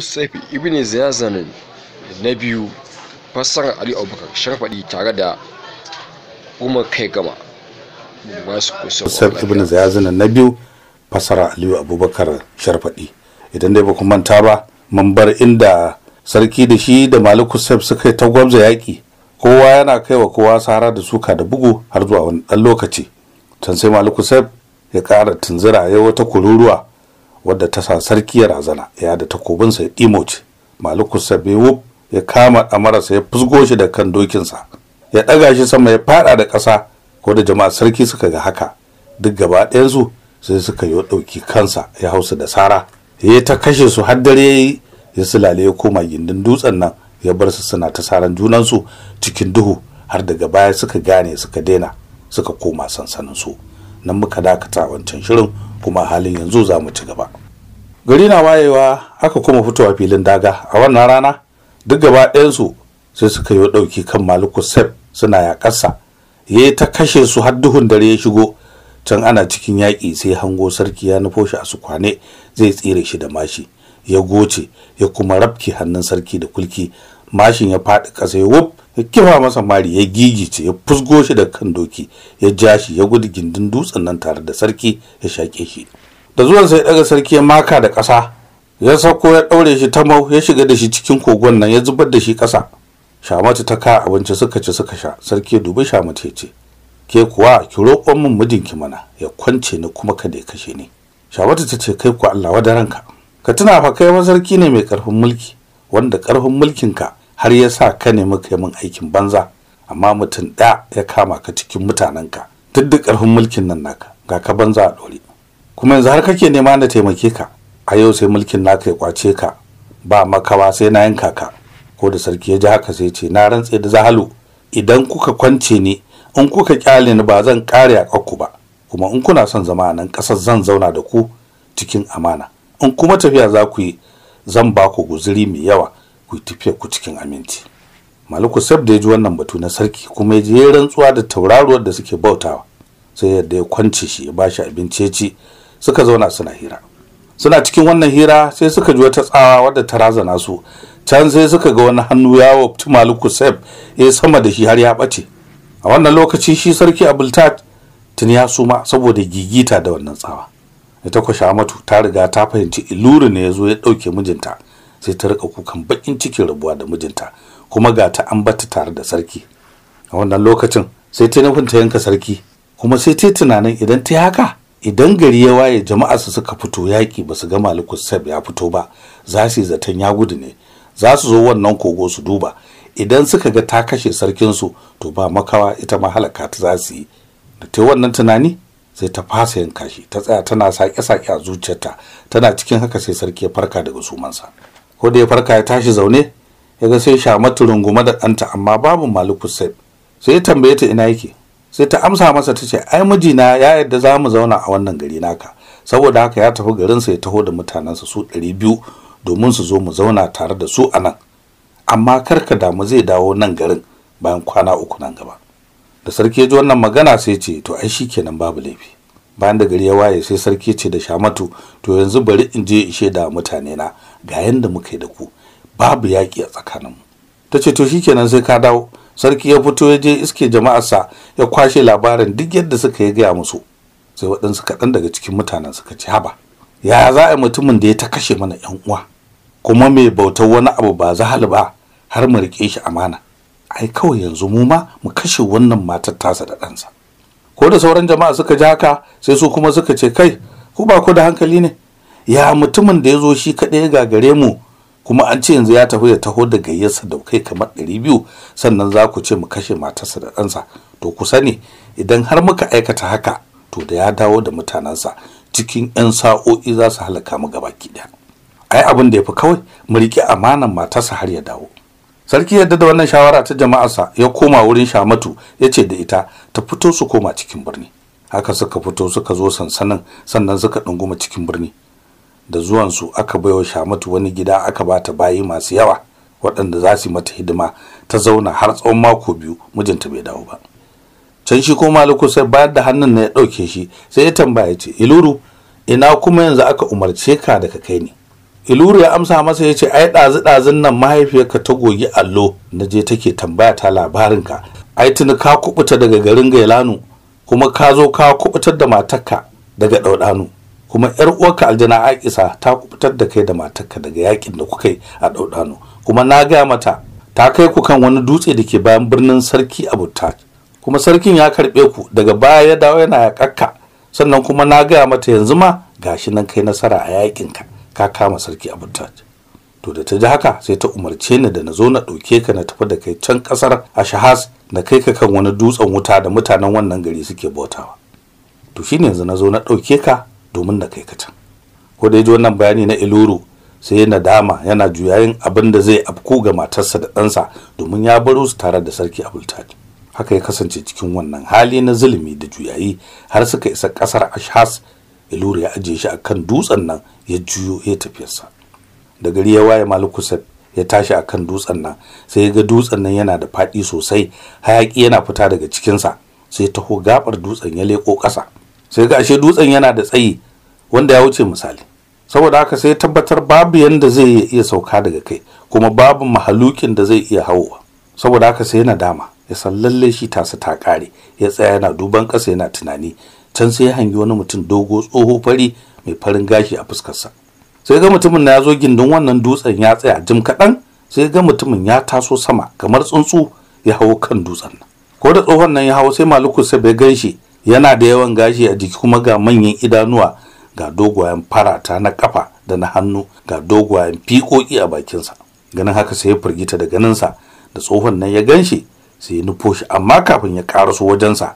Sheikh Ibn Ziyad na biyu fassara Ali Abubakar Sharfaɗi tare da Umar Kai Gama. Sheikh Ibn Ziyad na biyu fassara Ali Abubakar Sharfaɗi. Idan dai ba ku manta ba, mun bar inda sarki da shi da Maliku Saif suka yi ta yaƙi. Kowa yana kai wa kowa sara da suka da bugu har zuwa wani ɗan lokaci. Can sai Maliku Saif ya ƙara tunzura ya wata kururuwa wadda ta sa sarki ya razana ya da takobinsa ya ɗimoce malikus sabewub ya kama ɗamararsa ya fusgo shi da kan dokinsa ya ɗaga shi sama ya faɗa da ƙasa ko da jama'a sarki suka ga haka duk gaba ɗayansu sai suka yi ɗauki kansa ya hausa da sara ya ta kashe su har dare ya yi ya sulale ya koma gindin dutsen nan ya bar su suna ta saran su cikin duhu har daga baya suka gane suka daina suka koma sansanin su nan muka dakata wancan shirin kuma halin yanzu za mu ci gaba. gari na wayewa aka kuma fitowa filin daga a wannan rana duk gaba ɗayansu sai suka yi ɗauki kan maliku sef suna ƙasa ya yi ta kashe su har duhun dare ya shigo can ana cikin yaƙi sai hango sarki ya nufo shi a su kwane zai tsire shi da mashi ya goce ya kuma rafke hannun sarki da kulki mashin ya faɗi ƙasa ya wuf ya kifa masa mari ya gigice ya fusgo shi da kan doki ya jashi ya gudu gindin dutsen nan tare da sarki ya shaƙe shi da zuwan sai daga sarki ya maka da ƙasa ya sako, ya ɗaure shi ta mau ya shiga da shi cikin kogon nan ya zubar da shi ƙasa shamatu ta ka abinci suka ci suka sha sarki ya dubi shamatu ya ce ke kuwa ki roƙon min mijinki mana ya kwance ni kuma ka ya kashe ni shamatu ta ce kai ku Allah wa ranka ka tuna fa kai sarki ne mai ƙarfin mulki wanda ƙarfin ka har ya sa ka nemi kai min aikin banza amma mutum ɗaya ya kama ka cikin mutanenka duk da ƙarfin mulkin nan naka ga ka banza a ɗore kuma yanzu har kake nema na taimake ka a yau sai mulkin naka ya kwace ka ba makawa sai na yanka ka ko da sarki ya ji haka sai ce na rantse da zahalu idan kuka kwance ni in kuka kyale ni ba zan kare a ba kuma in kuna son zama a nan ƙasar zan zauna da ku cikin amana in kuma tafiya za ku yi zan ba ku guzuri mai yawa ku yi tafiya ku cikin aminci maliku sab da ya ji wannan batu na sarki kuma ya je rantsuwa da tauraruwar da suke bautawa sai yadda ya kwance shi ya ba shi abinci ya ci suka zauna suna hira suna cikin wannan hira sai suka ji wata tsawa wadda ta razana su can sai suka ga wani hannu ya wabci maliku sef ya eh, sama da shi har ya ɓace a wannan lokaci shi sarki abultat tun ya suma saboda gigita da wannan tsawa ta kwashe amatu ta riga ta fahimci iluri ne ya zo ya ɗauke mijinta sai ta rika kukan bakin cikin rabuwa da mijinta kuma ga ta ambata tare da sarki a wannan lokacin sai ta nufin ta yanka sarki kuma sai ta tunanin idan ta yi haka idan gari ya waye jama'a su suka fito yaki ba su ga malikus sab ya fito ba za su yi zaton ya gudu ne za su zo wannan kogo su duba idan suka ga ta kashe su to ba makawa ita ma halaka ta za su yi da ta wannan tunani sai ta fasa yin kashi ta tsaya tana sake-sake a zuciyarta tana cikin haka sai sarki ya farka daga sumansa ko da ya farka ya tashi zaune ya ga sai shamatu rungume da ɗanta amma babu malikus sab sai ya tambaye ta ina yake sai ta amsa masa ta ce ai mijina ya yadda za mu zauna a wannan gari naka saboda haka ya tafi garinsa ya taho da mutanensa su ɗari biyu domin su zo mu zauna tare da su anan nan amma karka damu zai dawo nan garin bayan kwana uku nan gaba da sarki ji wannan magana sai ce to ai shikenan babu laifi bayan da gari ya waye sai sarki ce da shamatu to yanzu bari in je in da mutane na ga yanda muka yi da ku babu yaƙi a tsakaninmu ta ce to shikenan sai ka dawo sarki ya fito ya je iske jama'arsa ya kwashe labarin duk yadda suka yi gaya musu sai waɗansu kaɗan daga cikin mutanen suka ce haba ya za a mutumin da ya ta kashe mana yan uwa kuma mai bautar wani abu ba zahal ba har mu riƙe shi amana ai kawai yanzu mu ma mu kashe wannan matar tasa da ɗansa ko da sauran jama'a suka ji haka sai su kuma suka ce kai ku ba ku da hankali ne ya mutumin da ya zo shi kaɗai ya gagare mu kuma an ce yanzu ya tafi da taho da gayyarsa da kai kamar ɗari biyu sannan za ku ce mu kashe matarsa da ɗansa to ku sani idan har muka aikata haka to da ya dawo da mutanensa cikin 'yan sa'o'i za su halaka mu gaba ɗaya ai abin da ya fi kawai mu riƙe amanan matarsa har ya dawo sarki yadda da wannan shawara ta jama'arsa ya koma wurin shamatu ya ce da ita ta fito su koma cikin birni haka suka fito suka zo sansanin sannan suka ɗunguma cikin birni da zuwansu aka baiwa shamatu wani gida aka bata bayi masu yawa waɗanda za su mata hidima ta zauna har tsawon mako biyu mijinta bai dawo ba can shi ko maliku sai bayar da hannun na ya ɗauke shi sai ya tambaya ce iluru ina kuma yanzu aka umarce ka da ka kai ni iluru ya amsa masa ya ce ai ɗazu ɗazun nan mahaifiyarka ta gogi allo na je take tambaya ta labarinka ai tuni ka kubuta daga garin gailanu kuma ka zo ka kubutar da matarka daga ɗauɗanu kuma yar uwarka aljana Aisha ta kubutar da kai da matarka daga yakin da kuka yi a daudano kuma na ga mata ta kai ku kan wani dutse da ke bayan birnin sarki Abuta kuma sarkin ya karbe ku daga baya ya dawo yana kakka sannan kuma na ga mata yanzu ma gashi nan kai nasara a yakin ka ka kama sarki Abuta to da ta ji haka sai ta umarce ni da na zo na ɗauke ka na tafi da kai can a shahas na kai ka kan wani dutsen wuta da mutanen wannan gari suke bautawa to shine yanzu na zo na ɗauke ka domin na kai ka can ko da ya ji wannan bayani na iluru sai yana dama yana juyayin abin da zai afko ga matarsa da ɗansa domin ya baro su tare da sarki abultad haka ya kasance cikin wannan hali na zulumi da juyayi har suka isa ƙasar ashas iluru ya ajiye shi akan dutsen nan ya juyo ya tafiyarsa da gari ya waye malikusat ya tashi akan dutsen nan sai ya ga dutsen nan yana da faɗi sosai hayaƙi yana fita daga cikinsa sai taho gabar dutsen ya leko ƙasa sai ga ashe dutsen yana da tsayi wanda ya wuce misali saboda haka sai tabbatar babu yanda zai iya sauka daga kai kuma babu mahalukin da zai iya hawa saboda haka sai yana dama ya san lalle shi tasa ta kare ya tsaya yana duban ƙasa yana tunani can sai ya hangi wani mutum dogo tsoho fari mai farin gashi a fuskarsa sai ga mutumin na ya zo gindin wannan dutsen ya tsaya jim kaɗan sai ga mutumin ya taso sama kamar tsuntsu ya hau kan dutsen nan ko da tsohon nan ya hau sai maluku sai bai gan shi yana da yawan gashi a jiki kuma ga manyan idanuwa ga dogwayen farata na kafa da na hannu ga dogwayen fiƙoƙi e a bakinsa ganin haka sai ya firgita da ganinsa da tsohon nan ya ganshi sai ya nufo shi amma kafin ya wajen wajensa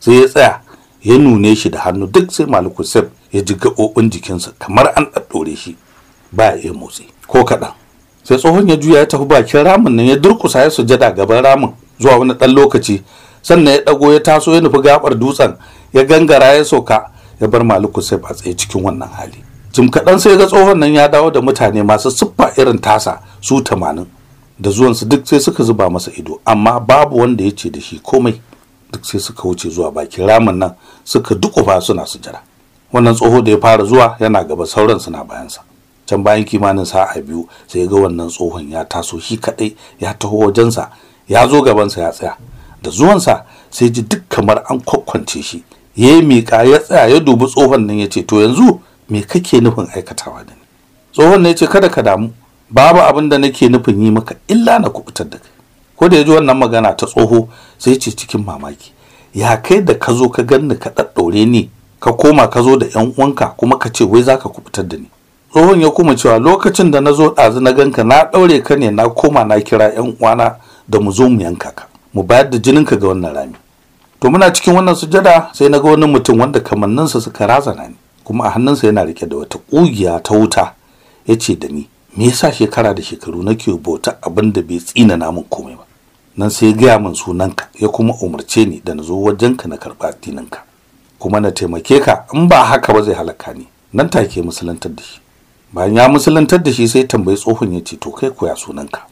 sai ya tsaya ya nune shi da hannu duk sai maliku sef ya ji gaɓoɓin jikinsa kamar an ɗaɗɗore shi ba ya iya motsi ko kaɗan sai tsohon ya juya ya tafi bakin ramin nan ya durkusa ya sujada gaban ramin zuwa wani ɗan lokaci sannan ya ɗago ya taso ya nufi gaɓar dutsen ya gangara ya soka ya bar maliku sai a tsaye cikin wannan hali jim kaɗan sai ga tsohon nan ya dawo da mutane masu siffa irin tasa su tamanin da zuwansu duk sai suka zuba masa ido amma babu wanda ya ce da shi komai duk sai suka wuce zuwa bakin ramin nan suka dukufa suna sujara wannan tsoho da ya fara zuwa yana gaba sauran suna bayansa can bayan kimanin sa'a biyu sai ga wannan tsohon ya taso shi kadai ya taho wajensa ya zo gabansa ya tsaya da zuwansa sai ji duk kamar an kwakwance shi ya yi miƙa ya tsaya ya dubi tsohon nan ya ce to yanzu me kake nufin aikatawa da ni tsohon nan ya ce kada ka damu babu abin da nake nufin yi maka illa na kubutar da kai ko da ya ji wannan magana ta tsoho sai ya ce cikin mamaki ya kai da ka zo ka ganni ka ɗaɗɗaure ni ka koma ka zo da yan uwanka kuma ka ce wai za ka kubutar da ni tsohon ya kuma cewa lokacin da na zo ɗazu na ganka na ɗaure ka ne na koma na kira yan uwana da mu zo mu yanka ka mu bayar da jininka ga wannan rami to muna cikin wannan sujada sai na ga wani mutum wanda kamanninsa suka razana ni kuma a hannunsa yana rike da wata ƙugiya ta wuta ya ce da ni me yasa shekara da shekaru nake bauta abin da bai tsina na min komai ba nan sai gaya min sunanka ya kuma umarce ni da na zo wajenka na karɓa addininka kuma na taimake ka in ba haka ba zai halaka ni nan take musulantar da shi bayan ya musulantar da shi sai tambayi tsohon ya ce to kai koya sunanka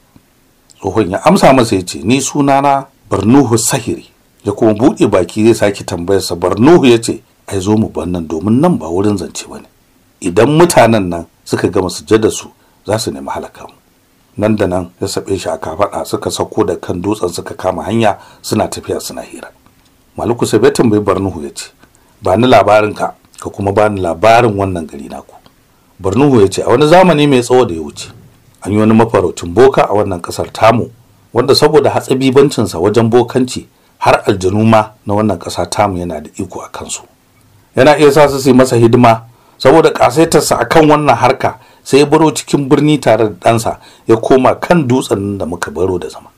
tsohon ya amsa masa ya ce ni sunana barnuhu sahiri ya kuma buɗe baki zai sake tambayarsa barnuhu ya ce ai zo mu bar nan domin nan ba wurin zance ba ne idan mutanen nan suka gama sujjada su za su nemi halaka mu nan da nan ya saɓe shi a kafaɗa suka sauko da kan dutsen suka kama hanya suna tafiya suna hira maluku sai bai tambayi barnuhu ya ce ba ni labarin ka ka kuma ba ni labarin wannan gari naku barnuhu ya ce a wani zamani mai tsawo da ya wuce an yi wani mafaraucin boka a wannan ƙasar tamu wanda saboda hatsabibancinsa wajen bokanci har aljanu ma na wannan ƙasa tamu yana da iko a kansu yana iya sa su yi masa hidima saboda ƙasaitarsa akan wannan harka sai ya baro cikin birni tare da ɗansa ya koma kan dutsen da muka baro da zama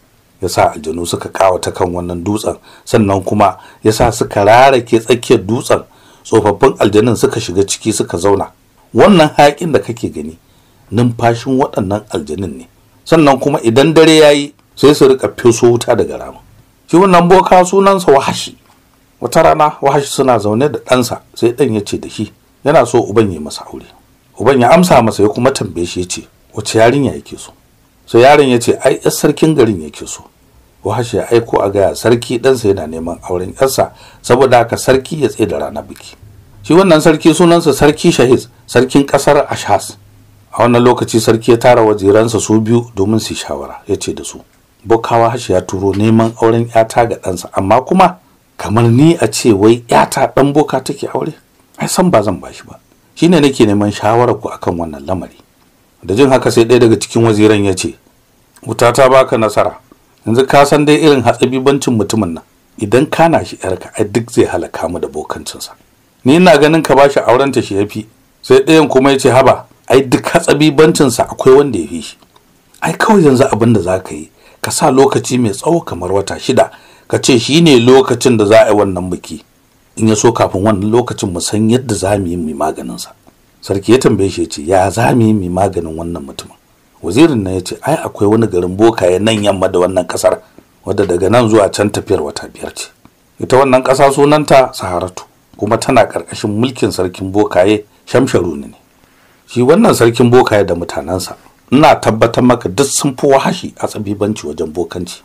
ya sa aljanu suka kawata kan wannan dutsen sannan kuma ya sa suka rarake tsakiyar dutsen tsofaffin aljanun suka shiga ciki suka zauna wannan haƙin da kake gani numfashin waɗannan aljanun ne sannan kuma idan dare ya yi sai su rika feso wuta daga rama. shi wannan boka sunansa wahashi wata rana wahashi suna zaune da ɗansa sai ɗan ya ce da shi yana so uban ya masa aure uban ya amsa masa ya kuma tambaye shi ya ce wace yarinya yake so sai yaron ya ce ai yar sarkin garin yake so wahashi ya aiko a gaya sarki ɗansa yana neman auren yarsa saboda haka sarki ya tsaye da rana biki shi wannan sarki sunansa sarki shahiz sarkin ƙasar ashas a wannan lokaci sarki ya tara wajiransa su biyu domin su shawara ya ce da su bokawa hashi ya turo neman auren yata ga ɗansa amma kuma kamar ni a ce wai yata ɗan boka take aure ai san ba zan bashi ba ne nake neman shawarar ku akan wannan lamari da jin haka sai ɗaya daga cikin waziran ya ce wuta ta baka nasara yanzu ka san dai irin hatsabibancin mutumin nan idan kana shi yarka ai duk zai halaka mu da bokancinsa ni ina ganin ka bashi auren ta shi ya fi. sai ɗayan kuma ya ce haba ai duk hatsabibancinsa akwai wanda ya fi shi ai kawai yanzu abin da za ka yi ka sa lokaci mai tsawo kamar wata shida ka ce shi ne lokacin da za a yi wannan biki in ya so kafin wannan lokacin mu san yadda za mu yi mai maganinsa sarki ya tambaye shi ce ya za mu yi mai maganin wannan mutumin wazirin na ya ce ai akwai wani garin bokaye nan yamma da wannan kasar wadda daga nan zuwa can tafiyar wata biyar ce ita wannan ƙasa sunanta saharatu kuma tana ƙarƙashin mulkin sarkin bokaye shamsharuni ne shi wannan sarkin bokaye da mutanensa ina tabbatar maka duk sun fi wahashi a tsabibanci wajen bokanci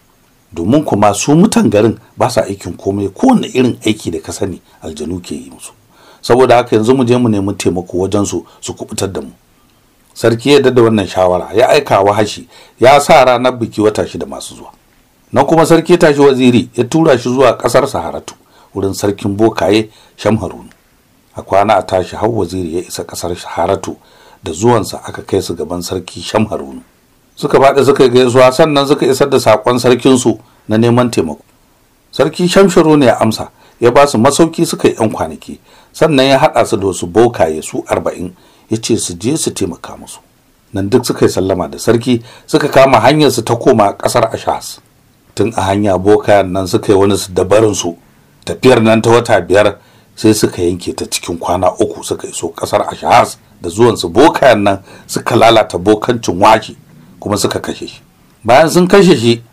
domin kuma su mutan garin ba sa aikin komai kowane irin aiki da ka sani aljanu ke yi musu saboda haka yanzu mu je mu nemi taimako wajen su su kubutar da mu sarki ya da wannan shawara ya aika wahashi ya sa ranar biki wata da masu zuwa na kuma sarki tashi waziri ya tura shi zuwa kasar saharatu wurin sarkin bokaye shamharun a kwana a tashi hau waziri ya isa kasar saharatu da zuwansa aka kai su gaban sarki sham harunu suka faɗi suka gaisuwa sannan suka isar da saƙon su na neman taimako sarki shamshiru ne ya amsa ya ba su masauki suka yi 'yan kwanaki sannan ya haɗa su da wasu bokaye su arba'in ya ce su je su taimaka musu nan duk suka yi sallama da sarki suka kama hanyar su ta koma ƙasar ashas tun a hanya bokayen nan suka yi wani su dabarin su tafiyar nan ta wata biyar sai suka yanke ta cikin kwana uku suka iso kasar ashahas da zuwan su bokayen nan suka lalata bokancin wake kuma suka kashe shi bayan sun kashe shi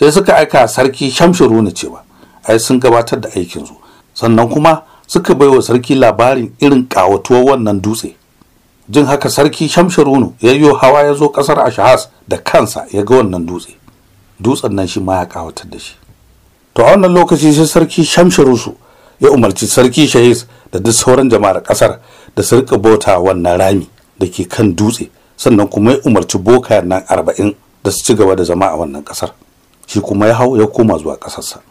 sai suka aika sarki shamshiru ne cewa ai sun gabatar da aikin su sannan kuma suka baiwa sarki labarin irin kawatuwar wannan dutse jin haka sarki shamsharunu ya yi hawa ya zo kasar ashahas da kansa ya ga wannan dutse dutsen nan shi ma ya kawatar da shi to a wannan lokaci sai sarki shamsharusu ya umarci sarki shahis da duk sauran jama'ar kasar da su rika bauta wannan rami da ke kan dutse sannan kuma ya umarci boka nan arba'in da su ci gaba da zama a wannan kasar shi kuma ya hau ya koma zuwa kasarsa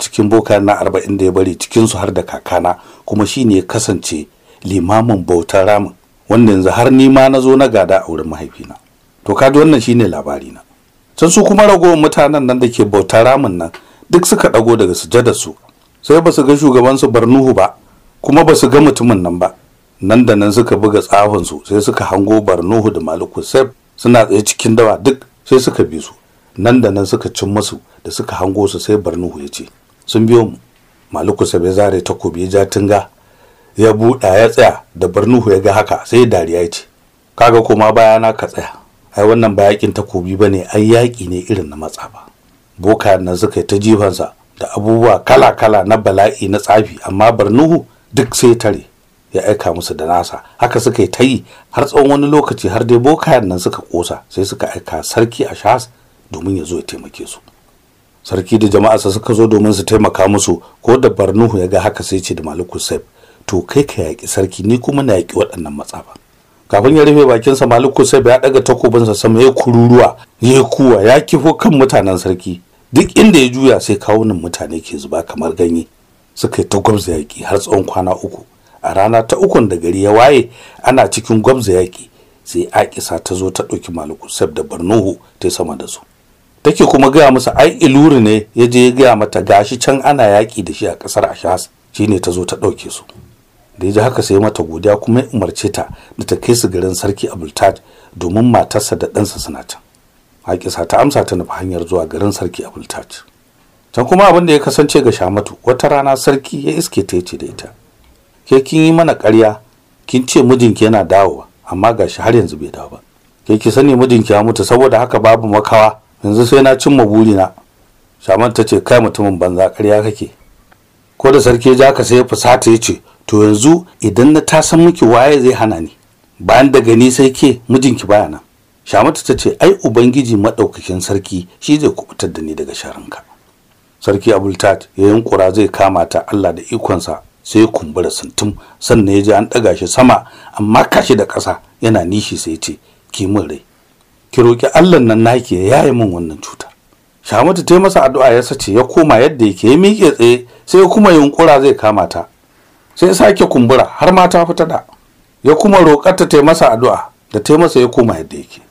cikin boka nan arba'in da ya bari cikin su har da kakana kuma shi ne ya kasance limamin bautar ramin wanda yanzu har ni ma na zo na gada a wurin mahaifina to ji wannan shine labari na can su kuma ragowar mutanen nan da ke bautar ramin nan duk suka ɗago daga sujadarsu su sai ba su ga shugabansu barnuhu ba kuma ba su ga mutumin nan ba nan da nan suka buga tsafinsu sai suka hango barnuhu da maliku sef suna tsaye cikin dawa duk sai suka bi su nan da nan suka cin musu da suka hango su sai barnuhu ya ce sun biyo mu maliku sai zare takobi ya ja tunga ya buɗa ya tsaya da barnuhu ya ga haka sai dariya ya ce kaga koma bayana ka tsaya ai wannan ba yakin takobi bane ai yaki ne irin na matsa ba boka nan suka yi ta jifansa da abubuwa kala-kala na bala'i na tsafi amma barnuhu duk sai tare ya aika musu da nasa haka suka yi ta yi har tsawon wani lokaci har dai bokayen nan suka kosa sai suka aika sarki a shas domin ya zo ya taimake su sarki da jama'arsa suka zo domin su taimaka musu ko da barnuhu ya ga haka sai ce da maliku saif to kai ka yaƙi sarki ni kuma na yaƙi waɗannan matsafa kafin ya rufe bakinsa maliku saif ya ɗaga takobinsa sama ya kururuwa ya kuwa ya kifo kan mutanen sarki duk inda ya juya sai kawunan mutane ke zuba kamar ganye suka yi ta gwabza yaƙi har tsawon kwana uku a rana ta ukun da gari ya waye ana cikin gwabza yaƙi sai akisa ta zo ta ɗauki maluku sab da barnuhu ta sama da su take kuma gaya musu ai iluri ne ya je ya gaya mata gashi can ana yaƙi da shi a ƙasar ashas shine ta zo ta ɗauke su da ya haka sai mata godiya kuma ya umarce ta da ta kai su garin sarki abultad domin matarsa da ɗansa suna can Haƙisa ta amsa ta nufi hanyar zuwa garin sarki Abultaj. Can kuma abin da ya kasance ga Shamatu wata rana sarki ya iske ta yace da ita. Ke kin yi mana ƙarya kin ce mijinki yana dawowa amma ga shi har yanzu bai dawo ba. Ke ki sani mijinki ya mutu saboda haka babu makawa yanzu sai na cimma burina. Shaman ta ce kai mutumin banza ƙarya kake. Ko da sarki ya ja ka sai ya fusata ya ce to yanzu idan na ta san miki waye zai hana ni bayan daga ni sai ke mijinki baya nan. Shamatu ta ce ai ubangiji madaukakin sarki shi zai kubutar da ni daga sharinka. Sarki Abultat ya yunkura zai kama ta Allah da ikonsa sai ya kumbura suntum sannan ya ji an ɗaga shi sama amma kashi da ƙasa yana nishi sai ce ki min rai ki roki Allah nan nake ya yaye min wannan cuta. Shamatu ta yi masa addu'a ya sace ya koma yadda yake ya miƙe tsaye sai ya kuma yunkura zai kama ta sai ya sake kumbura har ma ta fita da ya kuma roƙarta ta masa addu'a da ta masa ya koma yadda yake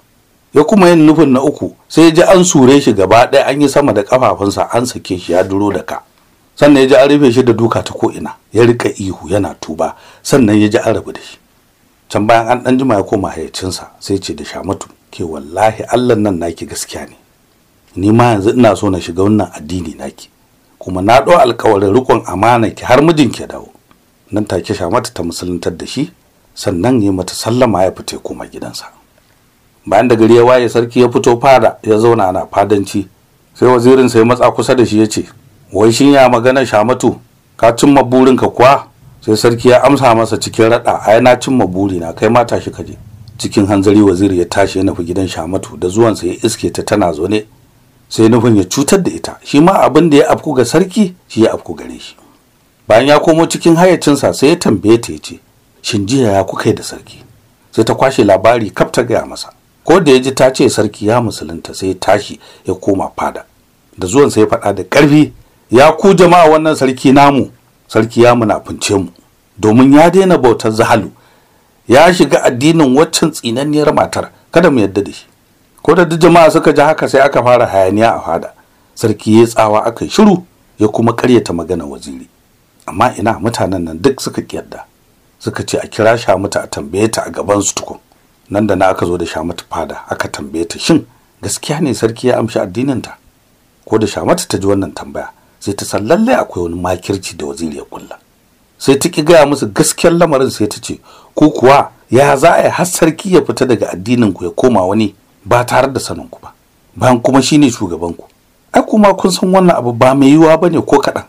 ya kuma yin nufin na uku sai ya ji an sure shi gaba ɗaya an yi sama da kafafunsa an sake shi ya duro da ka sannan ya ji an rufe shi da duka ta ko'ina ya rika ihu yana tuba sannan ya ji an rabu da shi can bayan an ɗan jima ya koma hayyacinsa sai ce da shamatu ke wallahi allah nan naki gaskiya ne ni ma yanzu ina so na shiga wannan addini naki kuma na ɗau alkawarin rikon amana ki har mijin ki dawo nan take shamatu ta musuluntar da shi sannan ya mata sallama ya fita koma gidansa bayan da gari ya waye sarki ya fito fara ya zauna na fadanci sai wazirin sai matsa kusa da shi ya ce wai shin ya magana shamatu ka cimma burinka kuwa sai sarki ya amsa masa cikin raɗa ai na cimma na? kai mata shi ka je cikin hanzari waziri ya tashi ya nufi gidan shamatu da zuwan ya iske ta tana zaune sai nufin ya cutar da ita shi ma abin da ya afku ga sarki shi ya afku gare shi bayan ya komo cikin hayacinsa sai ya tambaye ta ya ce shin jiya ya kuka da sarki sai ta kwashe labari kaf ta gaya masa ko da ya ji ta ce sarki ya musulunta sai ya tashi ya koma fada da zuwan sai ya faɗa da ƙarfi ya ku jama'a wannan sarki namu sarki ya munafince mu domin ya daina bautar zahalu ya shiga addinin waccan tsinanniyar matar kada mu yadda da shi ko da duk jama'a suka ji haka sai aka fara hayaniya a fada sarki ya tsawa aka shiru ya kuma karyata magana waziri amma ina mutanen nan duk suka kiyarda suka ce a kira sha muta a tambaye ta a gaban su tukun nan da na aka zo da shamatu fada aka tambaye ta shin gaskiya ne sarki ya amshi addininta ko da shamatu ta ji wannan tambaya sai ta san lallai akwai wani makirci da waziri ya kulla sai ta ki gaya musu gaskiyar lamarin sai ta ce ku kuwa ya za a yi har sarki ya fita daga addinin ku ya koma wani ba tare da sanin ku ba bayan kuma shine shugaban ku ai kuma kun san wannan abu ba mai yiwuwa bane ko kaɗan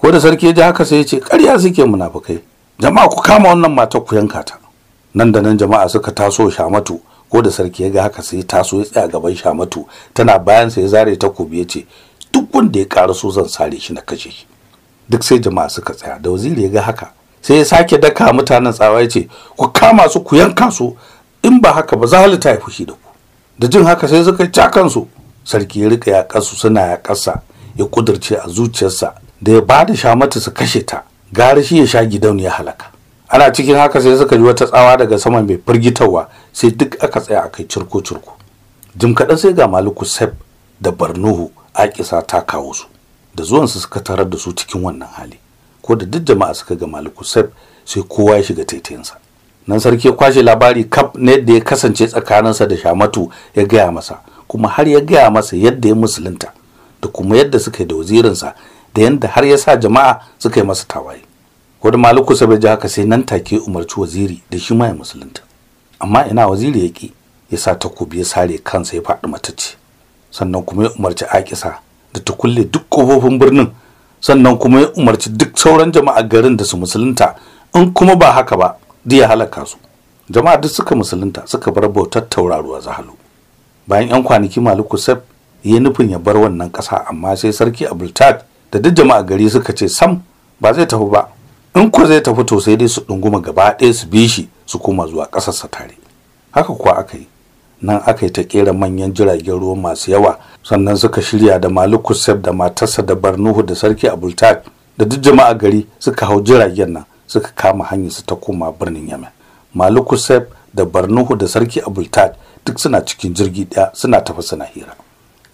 ko da sarki ya ji haka sai ya ce ƙarya suke munafukai jama'a ku kama wannan matar ku yanka ta nan da nan jama'a suka taso shamatu ko da sarki ya ga haka sai taso ya tsaya gaban shamatu tana bayan sa ya zare takobi ya ce duk wanda ya ƙara so zan sare shi na kashe shi duk sai jama'a suka tsaya da waziri ya ga haka sai ya sake daka mutanen tsawa ya ce ku kama su ku yanka su in ba haka ba za ta yi fushi da ku da jin haka sai suka ci kansu sarki ya rika ya su suna yaƙarsa ya kudurce a zuciyarsa da ya bada shamatu su kashe ta gari shi ya sha gidan ya halaka ana cikin haka sai suka ji wata tsawa daga saman mai firgitarwa sai duk aka tsaya a kai cirko-cirko jim kaɗan sai ga maluku sef da barnuhu a kisa ta kawo su da zuwansu suka tarar da su cikin wannan hali ko da duk jama'a suka ga maluku sef sai kowa ya shiga taitayinsa nan sarki kwashe labari kaf na yadda ya kasance tsakaninsa da shamatu ya gaya masa kuma har ya gaya masa yadda ya musulunta da kuma yadda suka yi da wazirinsa da yadda har ya sa jama'a suka yi masa tawaye wani maluku sabai ji haka sai nan take umarci waziri da shi ma ya musulunta amma ina waziri ya ki ya sa ta takobi ya sare kansa ya faɗi matacce sannan kuma ya umarci akisa da ta kulle duk kofofin birnin sannan kuma ya umarci duk sauran jama'a garin da su musulunta in kuma ba haka ba duk ya halaka su jama'a duk suka musulunta suka bar bautar tauraruwa zahalu bayan yan kwanaki maluku sab ya nufin ya bar wannan ƙasa amma sai sarki abultad da duk jama'a gari suka ce sam ba zai tafi ba in kuwa zai tafi to sai dai su ɗunguma gaba ɗaya su bi shi su koma zuwa ƙasarsa tare haka kuwa aka yi nan aka yi ta kera manyan jiragen ruwa masu yawa sannan suka shirya da maliku sef da matarsa da barnuhu da sarki abultak da duk jama'a gari suka hau jiragen nan suka kama hanyar su ta koma birnin yamen maliku sef da barnuhu da sarki abultak duk suna cikin jirgi ɗaya suna tafi suna hira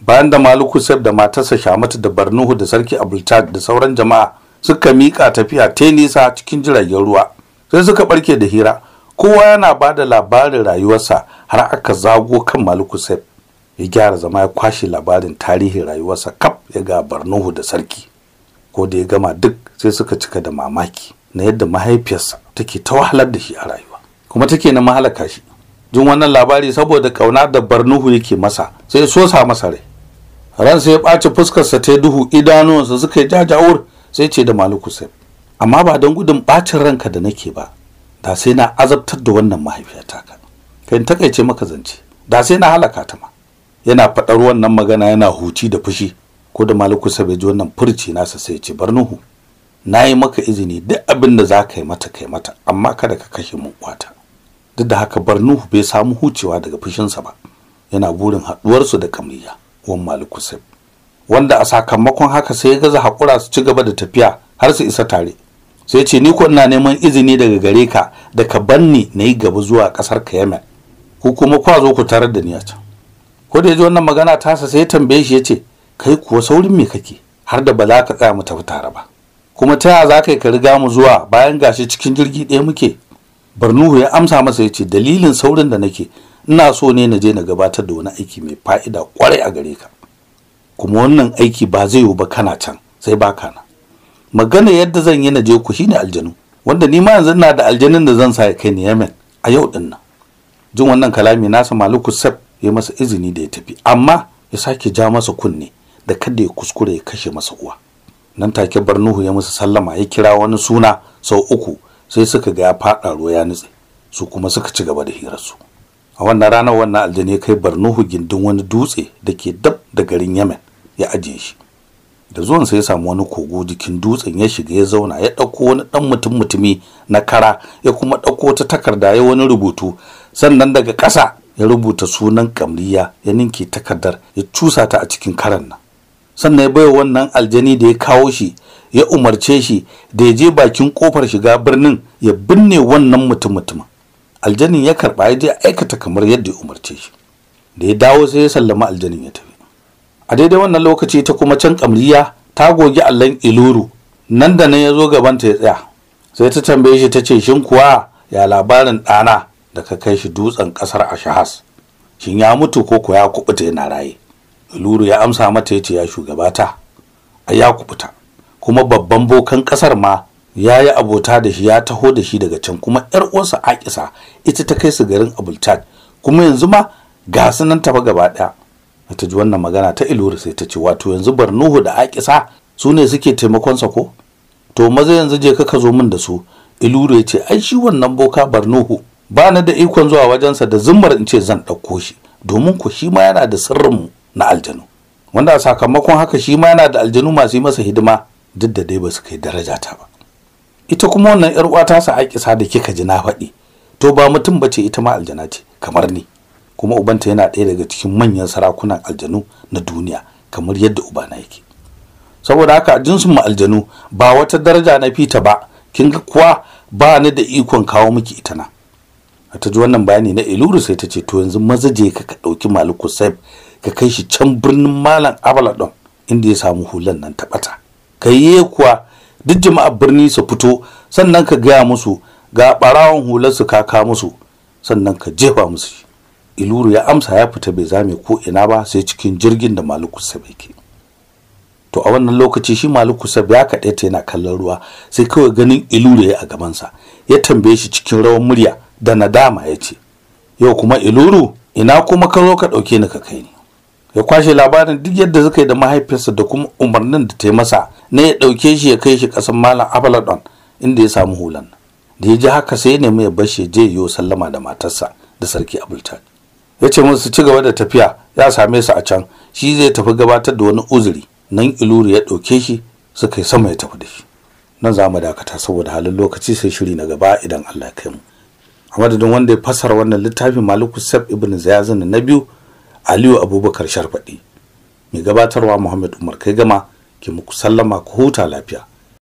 bayan da maliku sef da matarsa shamatu da barnuhu da sarki abultak da sauran jama'a suka miƙa tafiya ta nisa cikin jiragen ruwa sai suka barke da hira kowa yana ba da labarin rayuwarsa har aka zago kan maliku sef ya gyara zama ya kwashe labarin tarihin rayuwarsa kaf ya ga barnuhu da sarki ko da ya gama duk sai suka cika da mamaki na yadda mahaifiyarsa take ta wahalar da shi a rayuwa kuma take na mahalaka shi jin wannan labari saboda kauna da barnuhu yake masa sai so sa masa rai ransa ya ɓaci fuskarsa ta duhu idanuwansa suka yi jajawur sai ce da maliku sai amma ba don gudun bacin ranka da nake ba da sai na azabtar da wannan mahaifiyata ka kai in takaice maka zance da sai na halaka ta ma yana faɗar wannan magana yana huci da fushi ko da maliku sai bai ji wannan furci nasa sai ce bar nuhu na yi maka izini duk abin da za ka yi mata kai mata amma kada ka kashe mun kwata duk da haka bar nuhu bai samu hucewa daga fushinsa ba yana burin haɗuwarsu da kamriya wan maliku sai wanda a sakamakon haka sai ya gaza haƙura su ci gaba da tafiya har su isa tare sai ce ni ko ina neman izini daga gare ka da ka banni na yi gaba zuwa ƙasar ka yamen ku kuma kwa zo ku tarar da ni a can ko da ya wannan magana tasa sai ya tambaye shi ya ce kai kuwa saurin me kake har da ba za ka tsaya mu tafi tare ba kuma ta yaya za ka yi ka riga mu zuwa bayan gashi cikin jirgi ɗaya muke barnuhu ya amsa masa ya ce dalilin saurin da nake ina so ne na je na gabatar da wani aiki mai fa'ida kwarai a gare ka kuma wannan aiki ba zai yiwu ba kana can sai ba kana magana yadda zan yi na je ku shine aljanu wanda ni ma yanzu na da aljanun da zan sa ya kai ni yamen a yau din nan jin wannan kalami nasa maluku Sab ya masa izini da ya tafi amma ya sake ja masa kunne da kada ya kuskure ya kashe masa uwa nan take Barnuhu ya masa sallama ya kira wani suna sau uku sai suka ga ya fada ruwa ya nutse su kuma suka ci gaba da hirarsu a wannan ranar wannan aljani kai Barnuhu gindin wani dutse da ke dab da garin Yemen ya ajiye shi da zuwan sai ya samu wani kogo jikin dutsen ya shiga ya zauna ya ɗauko wani ɗan mutum mutumi na kara ya kuma ɗauko ta takarda ya wani rubutu sannan daga ƙasa ya rubuta sunan kamriya ya ninke takardar ya cusa ta a cikin karan nan sannan ya baiwa wannan aljani da ya kawo shi ya umarce shi da ya je bakin kofar shiga birnin ya binne wannan mutum mutumin aljanin ya karba ya je aikata kamar yadda ya umarce shi da ya dawo sai ya sallama aljanin ya tafi a daidai wannan lokaci ta kuma can kamriya ta gogi allon iluru nan da nan ya zo gabanta ya tsaya sai ta tambaye shi ta ce shin kuwa ya labarin ɗana da ka kai shi dutsen ƙasar ashahas shin ya mutu ko kuwa ya kubuta yana raye iluru ya amsa mata ya ce ya shugabata a ya kubuta kuma babban bokan ƙasar ma ya yi abota da shi ya taho da shi daga can kuma yar uwarsa akisa ita ta kai su garin abultad kuma yanzu ma ga sunan tafa gaba ɗaya ta ji wannan magana ta iluri sai ta ce wato yanzu barnuhu da akisa su ne suke taimakonsa ko to maza yanzu je ka zo min da su iluru ya ce ai shi wannan boka barnuhu ba ni da ikon zuwa wajensa da zummar in ce zan ɗauko shi domin ku shi ma yana da sirrinmu na aljanu wanda a sakamakon haka shi ma yana da aljanu masu yi masa hidima duk da dai ba su kai daraja ta ba ita kuma wannan yar uwa ta sa aƙisa da kika ji na faɗi to ba mutum bace ita ma aljana ce kamar ni kuma ubanta yana ɗaya daga cikin manyan sarakunan aljanu na duniya kamar yadda ubana yake saboda haka jinsin mu aljanu ba wata daraja na fita ba kin ga kuwa ba ni da ikon kawo miki ita na ta ji wannan bayani na iluru sai ta ce to yanzu maza je ka ka ɗauki maliku saif ka kai shi can birnin malam abaladon inda ya samu hulan nan ta ɓata ka yi kuwa duk jama'ar birni su fito sannan ka gaya musu ga ɓarawon hular su kaka musu sannan ka jefa musu shi iluru ya amsa ya fita bai zame ko ina ba sai cikin jirgin da maliku sabe yake to a wannan lokaci shi maliku sabe ya kade ta yana kallon ruwa sai kawai ganin iluru ya a gabansa ya tambaye shi cikin rawan murya da nadama ya ce yau kuma iluru ina kuma ka zo ka dauke ni ka kai ni ya kwashe labarin duk yadda suka yi da mahaifinsa da kuma umarnin da ta yi masa na ya dauke shi ya kai shi ƙasar malam abaladon inda ya samu hulan da ya ji haka sai ya nemi ya shi je wa sallama da matarsa da sarki abultad ya ce musu ci gaba da tafiya ya same su a can shi zai tafi gabatar da wani uzuri nan iluri ya ɗauke shi suka yi sama ya tafi da shi nan za mu dakata saboda halin lokaci sai shiri na gaba idan Allah ya kai mu a madadin wanda ya fasara wannan littafin maliku sab ibn zayazan na biyu aliyu abubakar sharfaɗi mai gabatarwa muhammad umar kai gama ke muku sallama ku huta lafiya